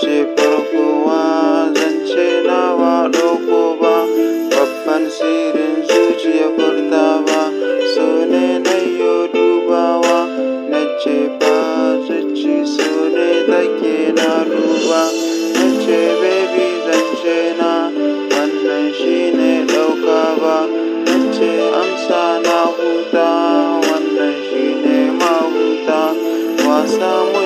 ce farkowa zance na ba ɗauko ba babban sirrin zuciya furta ba so ne na yo dubawa na ce ba zuci so ne take na duba na ce baby zance na wannan shi ne ɗauka ba zance amsa na huta wannan shi ne mahuta wasa mu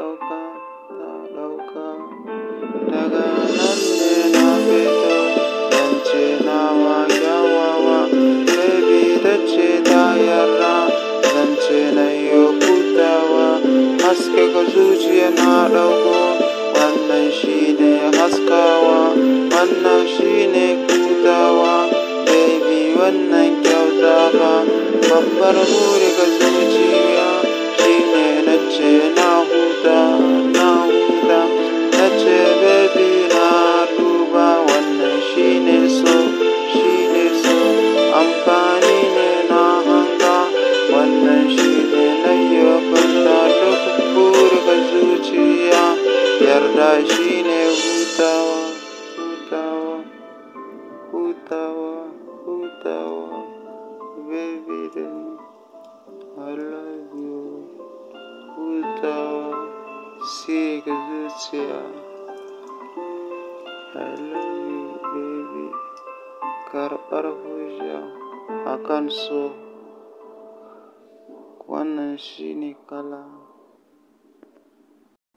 haske ga zuciya na ɗauko wannan shine haskawa wannan shine kutawa baby wannan kyautawa babbar buri ga zuciya Utawa, Utawa, baby then I love you. Utawa, see Gazutia. I love you, baby. Karɓar hujja a kan so, wannan shi ne kala.